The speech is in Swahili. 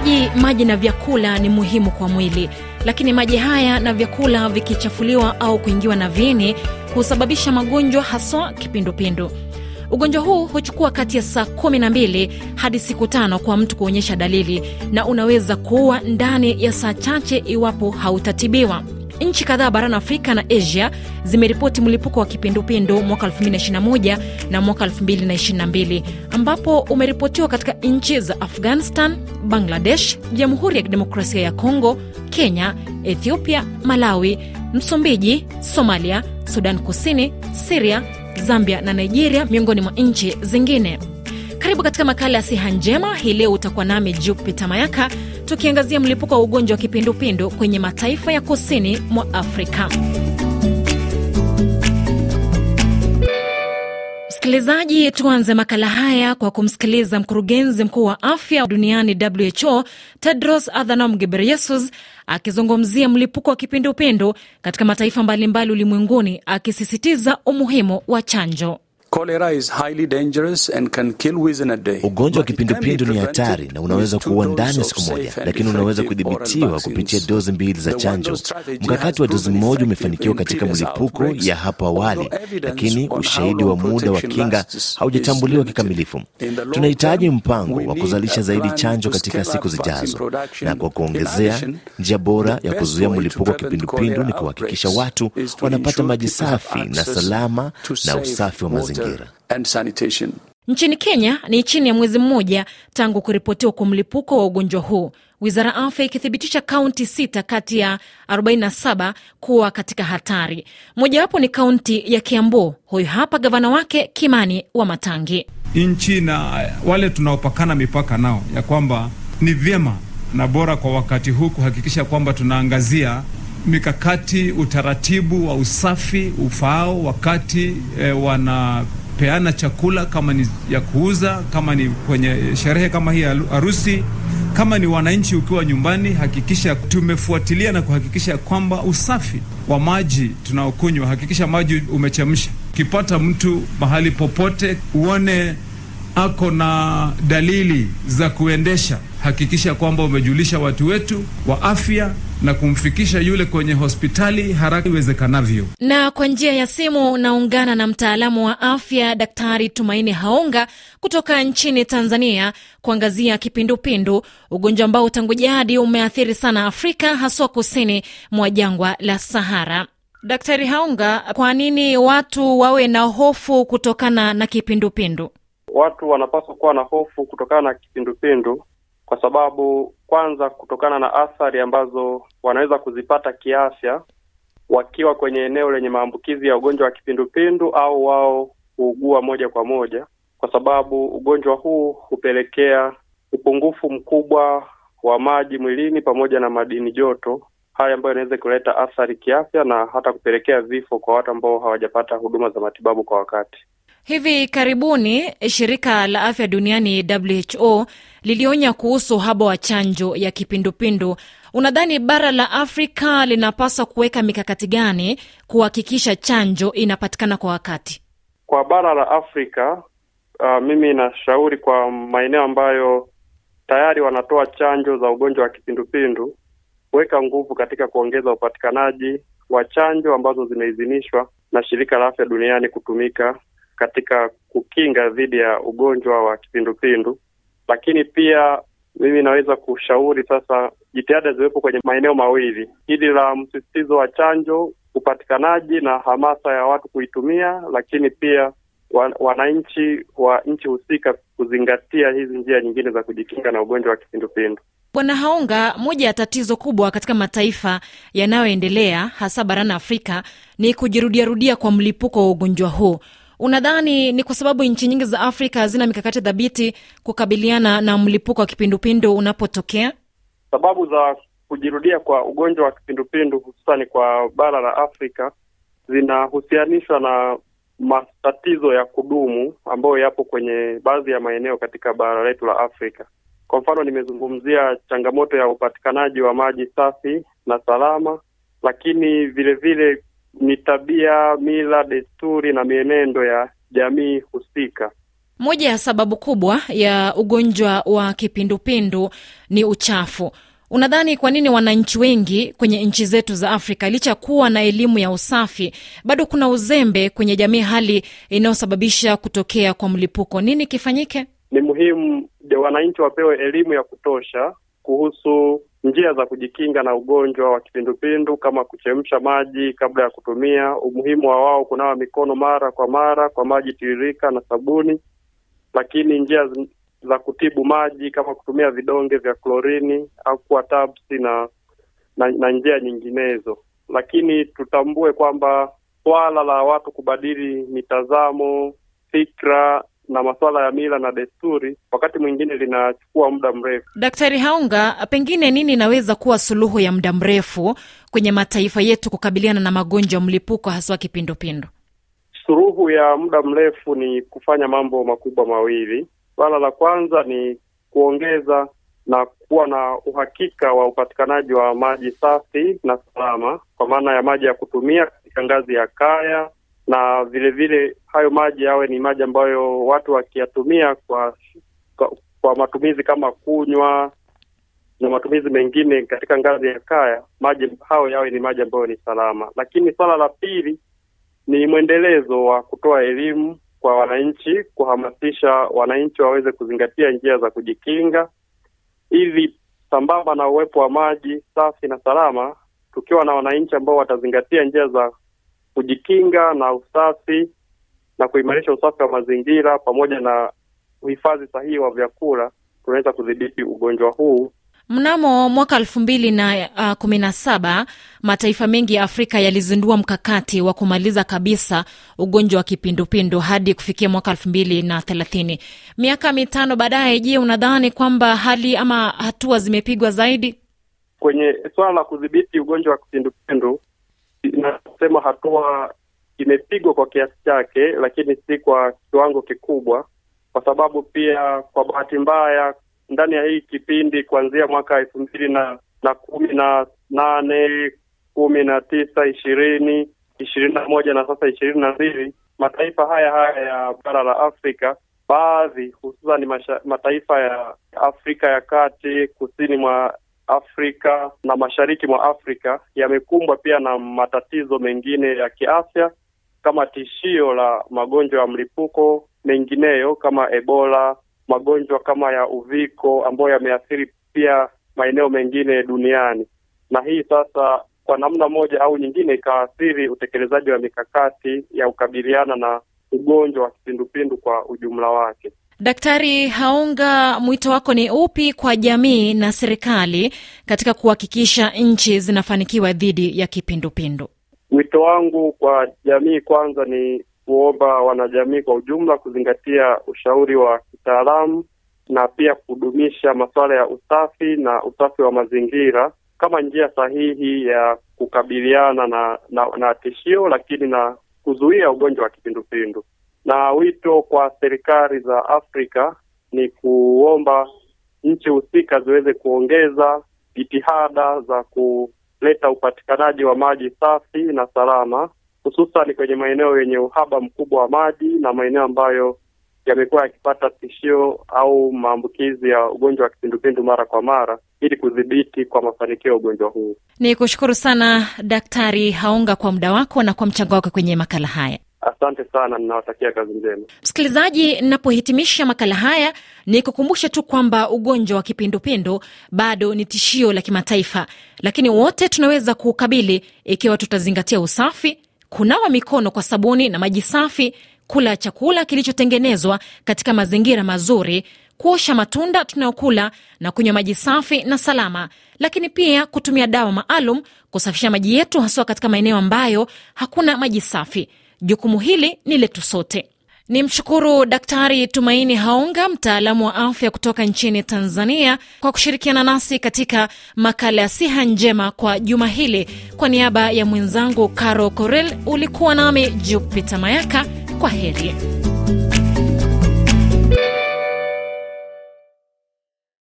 Maji, maji na vyakula ni muhimu kwa mwili, lakini maji haya na vyakula vikichafuliwa au kuingiwa na viini husababisha magonjwa haswa kipindupindu. Ugonjwa huu huchukua kati ya saa kumi na mbili hadi siku tano kwa mtu kuonyesha dalili na unaweza kuua ndani ya saa chache iwapo hautatibiwa. Nchi kadhaa barani Afrika na Asia zimeripoti mlipuko wa kipindupindu mwaka 221 na mwaka 222 ambapo umeripotiwa katika nchi za Afghanistan, Bangladesh, Jamhuri ya Kidemokrasia ya congo Kenya, Ethiopia, Malawi, Msumbiji, Somalia, Sudan Kusini, Siria, Zambia na Nigeria, miongoni mwa nchi zingine. Karibu katika makala ya siha njema. Hii leo utakuwa nami Jupita Mayaka tukiangazia mlipuko wa ugonjwa wa kipindupindu kwenye mataifa ya kusini mwa Afrika. Msikilizaji, tuanze makala haya kwa kumsikiliza mkurugenzi mkuu wa afya duniani WHO Tedros Adhanom gebreyesus akizungumzia mlipuko wa kipindupindu katika mataifa mbalimbali ulimwenguni, akisisitiza umuhimu wa chanjo. Ugonjwa wa kipindupindu ni hatari na unaweza kuua ndani ya siku moja, lakini unaweza kudhibitiwa kupitia dozi mbili za chanjo. Mkakati wa dozi moja umefanikiwa katika mlipuko ya hapo awali, lakini ushahidi wa muda wa kinga haujatambuliwa kikamilifu. Tunahitaji mpango wa kuzalisha zaidi chanjo katika siku zijazo, na kwa kuongezea, njia bora ya kuzuia mlipuko wa kipindupindu ni kuhakikisha watu wanapata maji safi na salama na usafi wa mazingira mazingira and sanitation. Nchini Kenya ni chini ya mwezi mmoja tangu kuripotiwa kwa mlipuko wa ugonjwa huu, wizara ya afya ikithibitisha kaunti sita kati ya 47 kuwa katika hatari. Mojawapo ni kaunti ya Kiambu. Huyu hapa gavana wake Kimani wa Matangi. Nchi na wale tunaopakana mipaka nao, ya kwamba ni vyema na bora kwa wakati huu kuhakikisha kwamba tunaangazia mikakati, utaratibu wa usafi ufaao wakati e, wanapeana chakula, kama ni ya kuuza, kama ni kwenye sherehe kama hii harusi, kama ni wananchi ukiwa nyumbani, hakikisha tumefuatilia na kuhakikisha kwamba usafi wa maji tunaokunywa, hakikisha maji umechemsha. Ukipata mtu mahali popote uone ako na dalili za kuendesha hakikisha kwamba umejulisha watu wetu wa afya na kumfikisha yule kwenye hospitali haraka iwezekanavyo. Na kwa njia ya simu naungana na mtaalamu wa afya Daktari Tumaini Haonga kutoka nchini Tanzania kuangazia kipindupindu, ugonjwa ambao tangu jadi umeathiri sana Afrika, haswa kusini mwa jangwa la Sahara. Daktari Haonga, kwa nini watu wawe na hofu kutokana na kipindupindu? Watu wanapaswa kuwa na hofu kutokana na kipindupindu kwa sababu kwanza, kutokana na athari ambazo wanaweza kuzipata kiafya wakiwa kwenye eneo lenye maambukizi ya ugonjwa wa kipindupindu au wao kuugua moja kwa moja, kwa sababu ugonjwa huu hupelekea upungufu mkubwa wa maji mwilini pamoja na madini joto, hali ambayo inaweza kuleta athari kiafya na hata kupelekea vifo kwa watu ambao hawajapata huduma za matibabu kwa wakati. Hivi karibuni shirika la afya duniani WHO lilionya kuhusu uhaba wa chanjo ya kipindupindu. Unadhani bara la Afrika linapaswa kuweka mikakati gani kuhakikisha chanjo inapatikana kwa wakati? Kwa bara la Afrika, uh, mimi nashauri kwa maeneo ambayo tayari wanatoa chanjo za ugonjwa wa kipindupindu kuweka nguvu katika kuongeza upatikanaji wa chanjo ambazo zimeidhinishwa na shirika la afya duniani kutumika katika kukinga dhidi ya ugonjwa wa kipindupindu, lakini pia mimi naweza kushauri sasa jitihada ziwepo kwenye maeneo mawili, hili la msisitizo wa chanjo, upatikanaji na hamasa ya watu kuitumia, lakini pia wananchi wa nchi husika kuzingatia hizi njia nyingine za kujikinga na ugonjwa wa kipindupindu. Bwana Haonga, moja ya tatizo kubwa katika mataifa yanayoendelea hasa barani Afrika ni kujirudiarudia kwa mlipuko wa ugonjwa huu. Unadhani ni kwa sababu nchi nyingi za Afrika hazina mikakati thabiti kukabiliana na mlipuko wa kipindupindu unapotokea? Sababu za kujirudia kwa ugonjwa wa kipindupindu hususani kwa bara la Afrika zinahusianishwa na matatizo ya kudumu ambayo yapo kwenye baadhi ya maeneo katika bara letu la Afrika. Kwa mfano, nimezungumzia changamoto ya upatikanaji wa maji safi na salama, lakini vilevile ni tabia, mila, desturi na mienendo ya jamii husika. Moja ya sababu kubwa ya ugonjwa wa kipindupindu ni uchafu. Unadhani kwa nini wananchi wengi kwenye nchi zetu za Afrika licha kuwa na elimu ya usafi bado kuna uzembe kwenye jamii, hali inayosababisha kutokea kwa mlipuko? Nini kifanyike? Ni muhimu wananchi wapewe elimu ya kutosha kuhusu njia za kujikinga na ugonjwa wa kipindupindu kama kuchemsha maji kabla ya kutumia, umuhimu wa wao kunawa mikono mara kwa mara kwa maji tiririka na sabuni, lakini njia za kutibu maji kama kutumia vidonge vya klorini au kuwa tabsi na, na, na njia nyinginezo. Lakini tutambue kwamba swala la watu kubadili mitazamo, fikra na masuala ya mila na desturi, wakati mwingine linachukua muda mrefu. Daktari Haunga, pengine nini inaweza kuwa suluhu ya muda mrefu kwenye mataifa yetu kukabiliana na magonjwa ya mlipuko haswa kipindupindu? Suluhu ya muda mrefu ni kufanya mambo makubwa mawili. Swala la kwanza ni kuongeza na kuwa na uhakika wa upatikanaji wa maji safi na salama, kwa maana ya maji ya kutumia katika ngazi ya kaya na vile vile hayo maji yawe ni maji ambayo watu wakiyatumia kwa, kwa kwa matumizi kama kunywa na matumizi mengine katika ngazi ya kaya, maji hayo yawe ni maji ambayo ni salama. Lakini swala la pili ni mwendelezo wa kutoa elimu kwa wananchi, kuhamasisha wananchi waweze kuzingatia njia za kujikinga, ili sambamba na uwepo wa maji safi na salama, tukiwa na wananchi ambao watazingatia njia za kujikinga na usafi na kuimarisha usafi wa mazingira pamoja na uhifadhi sahihi wa vyakula, tunaweza kudhibiti ugonjwa huu. Mnamo mwaka elfu mbili na uh, kumi na saba mataifa mengi ya Afrika yalizindua mkakati wa kumaliza kabisa ugonjwa wa kipindupindu hadi kufikia mwaka elfu mbili na thelathini. Miaka mitano baadaye, je, unadhani kwamba hali ama hatua zimepigwa zaidi kwenye suala la kudhibiti ugonjwa wa kipindupindu? Nasema hatua imepigwa kwa kiasi chake, lakini si kwa kiwango kikubwa, kwa sababu pia kwa bahati mbaya ndani ya hii kipindi kuanzia mwaka elfu mbili na, na kumi na nane kumi na tisa ishirini ishirini na moja na sasa ishirini na mbili mataifa haya haya ya bara la Afrika baadhi hususan mataifa ya Afrika ya kati kusini mwa Afrika na mashariki mwa Afrika yamekumbwa pia na matatizo mengine ya kiafya kama tishio la magonjwa ya mlipuko mengineyo kama Ebola, magonjwa kama ya uviko ambayo yameathiri pia maeneo mengine duniani, na hii sasa kwa namna moja au nyingine ikaathiri utekelezaji wa mikakati ya kukabiliana na ugonjwa wa kipindupindu kwa ujumla wake. Daktari Haonga, mwito wako ni upi kwa jamii na serikali katika kuhakikisha nchi zinafanikiwa dhidi ya kipindupindu? mwito wangu kwa jamii kwanza ni kuomba wanajamii kwa ujumla kuzingatia ushauri wa kitaalamu na pia kudumisha masuala ya usafi na usafi wa mazingira kama njia sahihi ya kukabiliana na, na, na tishio lakini na kuzuia ugonjwa wa kipindupindu na wito kwa serikali za Afrika ni kuomba nchi husika ziweze kuongeza jitihada za kuleta upatikanaji wa maji safi na salama, hususan kwenye maeneo yenye uhaba mkubwa wa maji na maeneo ambayo yamekuwa yakipata tishio au maambukizi ya ugonjwa wa kipindupindu mara kwa mara ili kudhibiti kwa mafanikio ya ugonjwa huu. Ni kushukuru sana Daktari haunga kwa muda wako na kwa mchango wako kwenye makala haya. Asante sana, ninawatakia kazi njema. Msikilizaji, napohitimisha makala haya, ni kukumbushe tu kwamba ugonjwa wa kipindupindu bado ni tishio la kimataifa, lakini wote tunaweza kuukabili ikiwa tutazingatia usafi, kunawa mikono kwa sabuni na maji safi, kula chakula kilichotengenezwa katika mazingira mazuri, kuosha matunda tunayokula na kunywa maji safi na salama, lakini pia kutumia dawa maalum kusafisha maji yetu, haswa katika maeneo ambayo hakuna maji safi. Jukumu hili ni letu sote. Ni mshukuru Daktari Tumaini haunga mtaalamu wa afya kutoka nchini Tanzania, kwa kushirikiana nasi katika makala ya Siha Njema kwa juma hili. Kwa niaba ya mwenzangu Caro Corel, ulikuwa nami Jupita Mayaka. Kwa heri.